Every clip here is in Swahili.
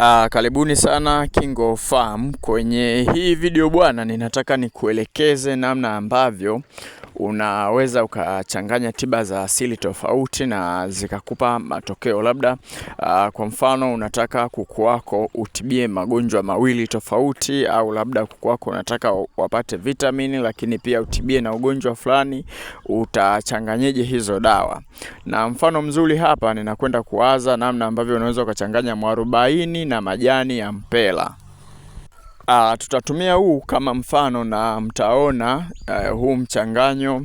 Aa, ah, karibuni sana Kingo Farm. Kwenye hii video bwana, ninataka nikuelekeze namna ambavyo unaweza ukachanganya tiba za asili tofauti na zikakupa matokeo. Labda uh, kwa mfano unataka kuku wako utibie magonjwa mawili tofauti, au labda kuku wako unataka wapate vitamini, lakini pia utibie na ugonjwa fulani, utachanganyeje hizo dawa? Na mfano mzuri hapa ninakwenda kuwaza namna ambavyo unaweza ukachanganya mwarobaini na majani ya mpela. Uh, tutatumia huu kama mfano na mtaona uh, huu mchanganyo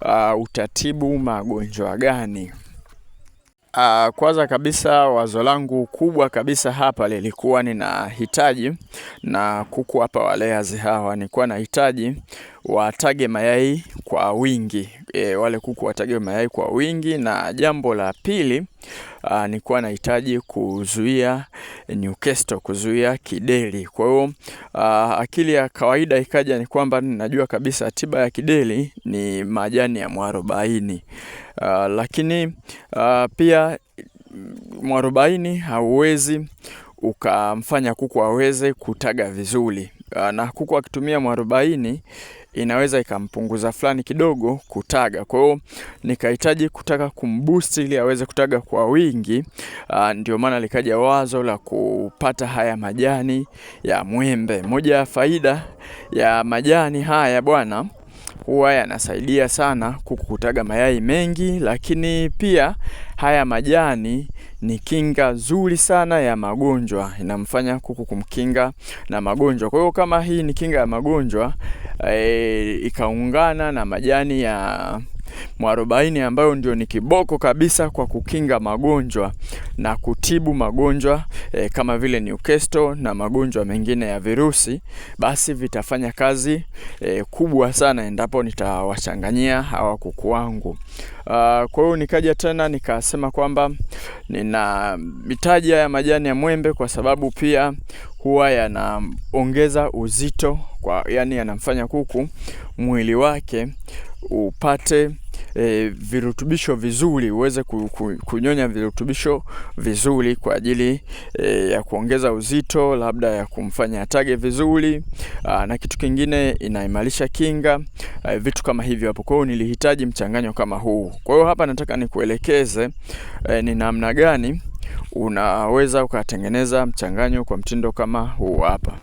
uh, utatibu magonjwa gani? Uh, kwanza kabisa wazo langu kubwa kabisa hapa lilikuwa ninahitaji na kuku hapa waleazi hawa, nilikuwa nahitaji watage mayai kwa wingi e, wale kuku watage mayai kwa wingi. Na jambo la pili nikuwa nahitaji kuzuia Newcastle, kuzuia kideli. Kwa hiyo akili ya kawaida ikaja ni kwamba najua kabisa tiba ya kideli ni majani ya mwarobaini, lakini a, pia mwarobaini hauwezi ukamfanya kuku aweze kutaga vizuri, na kuku akitumia mwarobaini inaweza ikampunguza fulani kidogo kutaga. Kwa hiyo nikahitaji kutaka kumboost ili aweze kutaga kwa wingi. Uh, ndio maana likaja wazo la kupata haya majani ya mwembe. Moja ya faida ya majani haya bwana huwa yanasaidia sana kuku kutaga mayai mengi, lakini pia haya majani ni kinga nzuri sana ya magonjwa, inamfanya kuku kumkinga na magonjwa. Kwa hiyo kama hii ni kinga ya magonjwa e, ikaungana na majani ya mwarobaini ambayo ndio ni kiboko kabisa kwa kukinga magonjwa na kutibu magonjwa e, kama vile Newcastle na magonjwa mengine ya virusi, basi vitafanya kazi e, kubwa sana endapo nitawachanganyia hawa kuku wangu. Uh, kwa hiyo nikaja tena nikasema kwamba nina mitaji ya majani ya mwembe kwa sababu pia huwa yanaongeza uzito kwa, yani yanamfanya kuku mwili wake upate e, virutubisho vizuri, uweze kunyonya virutubisho vizuri kwa ajili e, ya kuongeza uzito, labda ya kumfanya atage vizuri na kitu kingine inaimarisha kinga a, e, vitu kama hivyo hapo. Kwa hiyo nilihitaji mchanganyo kama huu. Kwa hiyo hapa nataka nikuelekeze e, ni namna gani unaweza ukatengeneza mchanganyo kwa mtindo kama huu hapa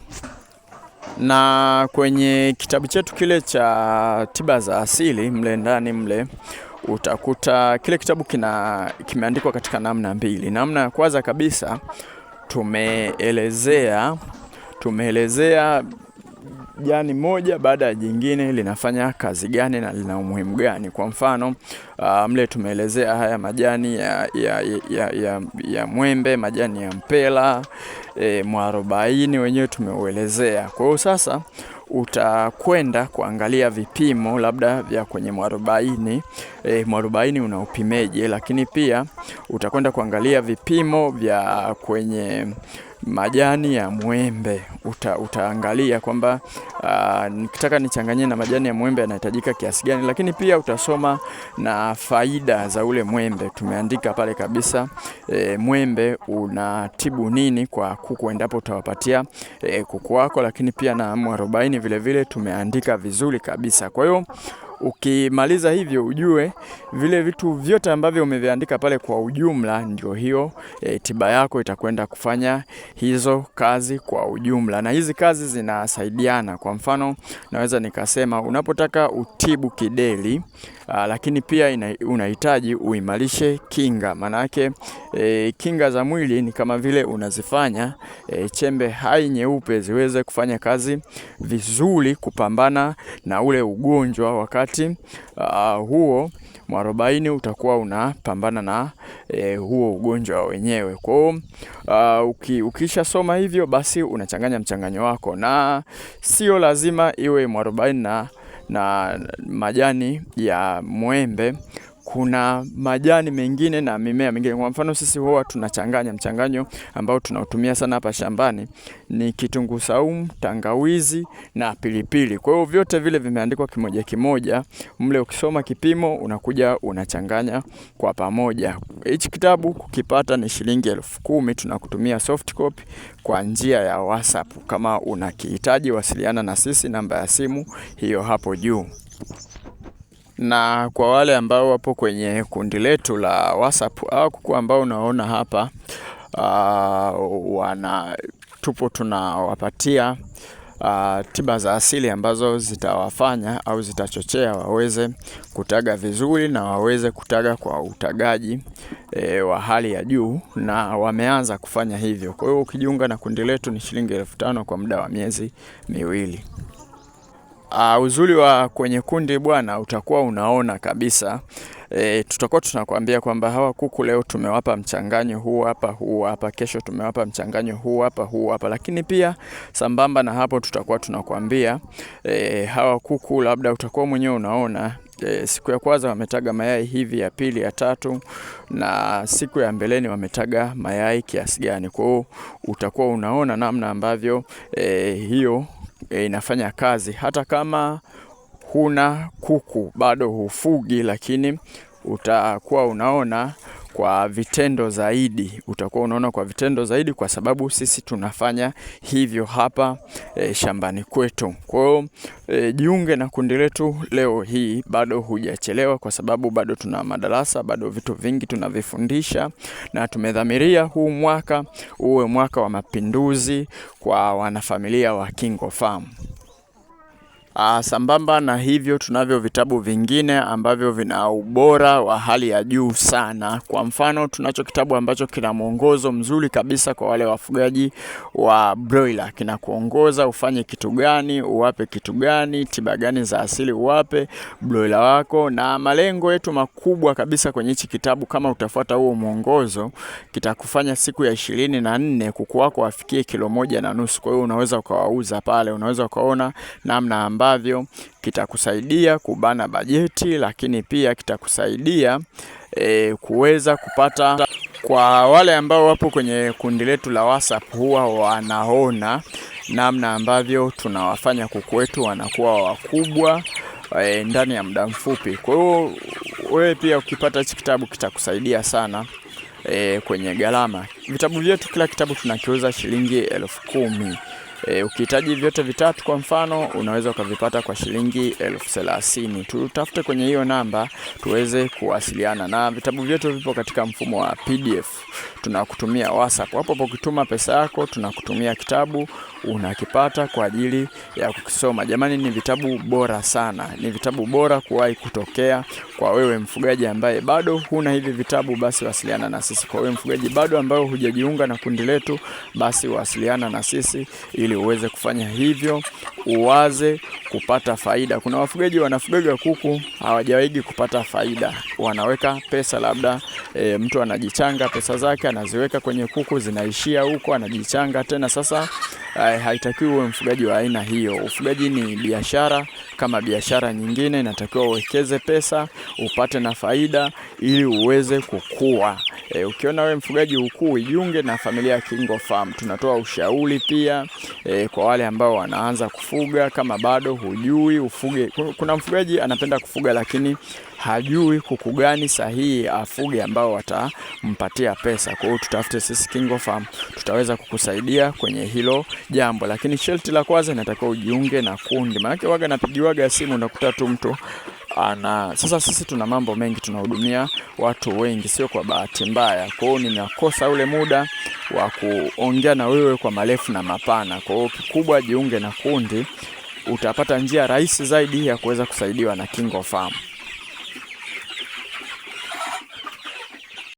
na kwenye kitabu chetu kile cha tiba za asili mle ndani mle utakuta kile kitabu kina kimeandikwa katika namna mbili. Namna ya kwanza kabisa tumeelezea tumeelezea jani moja baada ya jingine linafanya kazi gani na lina umuhimu gani. Kwa mfano uh, mle tumeelezea haya majani ya, ya, ya, ya, ya mwembe, majani ya mpela e, mwarobaini wenyewe tumeuelezea. Kwa hiyo sasa utakwenda kuangalia vipimo labda vya kwenye mwarobaini e, eh, mwarobaini unaupimeje, lakini pia utakwenda kuangalia vipimo vya kwenye majani ya mwembe uta, utaangalia kwamba ah, nikitaka nichanganyie na majani ya mwembe yanahitajika kiasi gani, lakini pia utasoma na faida za ule mwembe. Tumeandika pale kabisa e, mwembe unatibu nini kwa kuku endapo utawapatia e, kuku wako, lakini pia na mwarobaini vilevile tumeandika vizuri kabisa. Kwa hiyo Ukimaliza hivyo ujue vile vitu vyote ambavyo umeviandika pale kwa ujumla, ndio hiyo e, tiba yako itakwenda kufanya hizo kazi kwa ujumla, na hizi kazi zinasaidiana. Kwa mfano, naweza nikasema unapotaka utibu kideli a, lakini pia ina, unahitaji uimarishe kinga. Maana e, kinga za mwili ni kama vile unazifanya e, chembe hai nyeupe ziweze kufanya kazi vizuri kupambana na ule ugonjwa wakati wakati uh, huo mwarobaini utakuwa unapambana na e, huo ugonjwa wenyewe. Kwa hiyo uh, uki, soma hivyo basi unachanganya mchanganyo wako, na sio lazima iwe mwarobaini na, na majani ya mwembe kuna majani mengine na mimea mingine. Kwa mfano sisi huwa tunachanganya, mchanganyo ambao tunautumia sana hapa shambani ni kitunguu saumu, tangawizi na pilipili. Kwa hiyo vyote vile vimeandikwa kimoja kimoja mle, ukisoma kipimo unakuja unachanganya kwa pamoja. Hichi kitabu kukipata ni shilingi elfu kumi. Tunakutumia soft copy kwa njia ya WhatsApp. Kama unakihitaji wasiliana na sisi, namba ya simu hiyo hapo juu na kwa wale ambao wapo kwenye kundi letu la WhatsApp au kuku ambao unaona hapa uh, wana tupo tunawapatia uh, tiba za asili ambazo zitawafanya au zitachochea waweze kutaga vizuri na waweze kutaga kwa utagaji e, wa hali ya juu, na wameanza kufanya hivyo. Kwa hiyo ukijiunga na kundi letu ni shilingi elfu tano kwa muda wa miezi miwili. Uh, uzuri wa kwenye kundi bwana, utakuwa unaona kabisa e, tutakuwa tunakwambia kwamba hawa kuku leo tumewapa mchanganyo huu hapa huu hapa, kesho tumewapa mchanganyo huu hapa huu hapa, lakini pia sambamba na hapo tutakuwa tunakwambia e, hawa kuku labda utakuwa mwenyewe unaona e, siku ya kwanza wametaga mayai hivi, ya pili, ya tatu na siku ya mbeleni wametaga mayai kiasi gani. Kwa hiyo utakuwa unaona namna ambavyo e, hiyo e, inafanya kazi hata kama huna kuku bado hufugi, lakini utakuwa unaona kwa vitendo zaidi, utakuwa unaona kwa vitendo zaidi, kwa sababu sisi tunafanya hivyo hapa e, shambani kwetu. Kwa hiyo e, jiunge na kundi letu leo hii, bado hujachelewa, kwa sababu bado tuna madarasa, bado vitu vingi tunavifundisha, na tumedhamiria huu mwaka uwe mwaka wa mapinduzi kwa wanafamilia wa KingoFarm. Uh, sambamba na hivyo tunavyo vitabu vingine ambavyo vina ubora wa hali ya juu sana. Kwa mfano, tunacho kitabu ambacho kina mwongozo mzuri kabisa kwa wale wafugaji wa broiler. Kinakuongoza ufanye kitu gani, uwape kitu gani, tiba gani za asili uwape broiler wako, na malengo yetu makubwa kabisa kwenye hichi kitabu, kama utafuata huo mwongozo, kitakufanya siku ya ishirini na nne kuku wako wafikie kilo moja na nusu. Kwa hiyo unaweza ukawauza pale, unaweza ukaona namna ambayo ambavyo kitakusaidia kubana bajeti, lakini pia kitakusaidia e, kuweza kupata kwa wale ambao wapo kwenye kundi letu la WhatsApp huwa wanaona namna ambavyo tunawafanya kuku wetu wanakuwa wakubwa e, ndani ya muda mfupi. Kwa hiyo wewe pia ukipata hichi kitabu kitakusaidia sana e, kwenye gharama. Vitabu vyetu kila kitabu tunakiuza shilingi elfu kumi. E, ukihitaji vyote vitatu kwa mfano unaweza ukavipata kwa shilingi elfu thelathini. Tutafute kwenye hiyo namba tuweze kuwasiliana, na vitabu vyetu vipo katika mfumo wa PDF. Tunakutumia WhatsApp hapo hapo, ukituma pesa yako tunakutumia kitabu unakipata kwa ajili ya kukisoma. Jamani, ni vitabu bora sana, ni vitabu bora kuwahi kutokea. Kwa wewe mfugaji ambaye bado huna hivi vitabu, basi wasiliana na sisi. Kwa wewe mfugaji bado ambayo hujajiunga na kundi letu, basi wasiliana na sisi ili ili uweze kufanya hivyo uwaze kupata faida. Kuna wafugaji wanafugaga kuku hawajawahi kupata faida, wanaweka pesa labda e, mtu anajichanga pesa zake anaziweka kwenye kuku zinaishia huko, anajichanga tena. Sasa e, haitakiwi uwe mfugaji wa aina hiyo. Ufugaji ni biashara kama biashara nyingine, inatakiwa uwekeze pesa upate na faida ili uweze kukua. E, ukiona we mfugaji ukuu ujiunge na familia ya Kingo Farm. Tunatoa ushauri pia e, kwa wale ambao wanaanza kufuga, kama bado hujui ufuge. Kuna mfugaji anapenda kufuga lakini hajui kuku gani sahihi afuge ambao watampatia pesa. Kwa hiyo tutafute sisi Kingo Farm, tutaweza kukusaidia kwenye hilo jambo, lakini sharti la kwanza inatakiwa ujiunge na kundi, maanake waga napigiwaga simu nakuta tu mtu na sasa sisi tuna mambo mengi, tunahudumia watu wengi, sio kwa bahati mbaya. Kwa hiyo nimekosa ule muda wa kuongea na wewe kwa marefu na mapana. Kwa hiyo kikubwa, jiunge na kundi, utapata njia rahisi zaidi ya kuweza kusaidiwa na KingoFarm.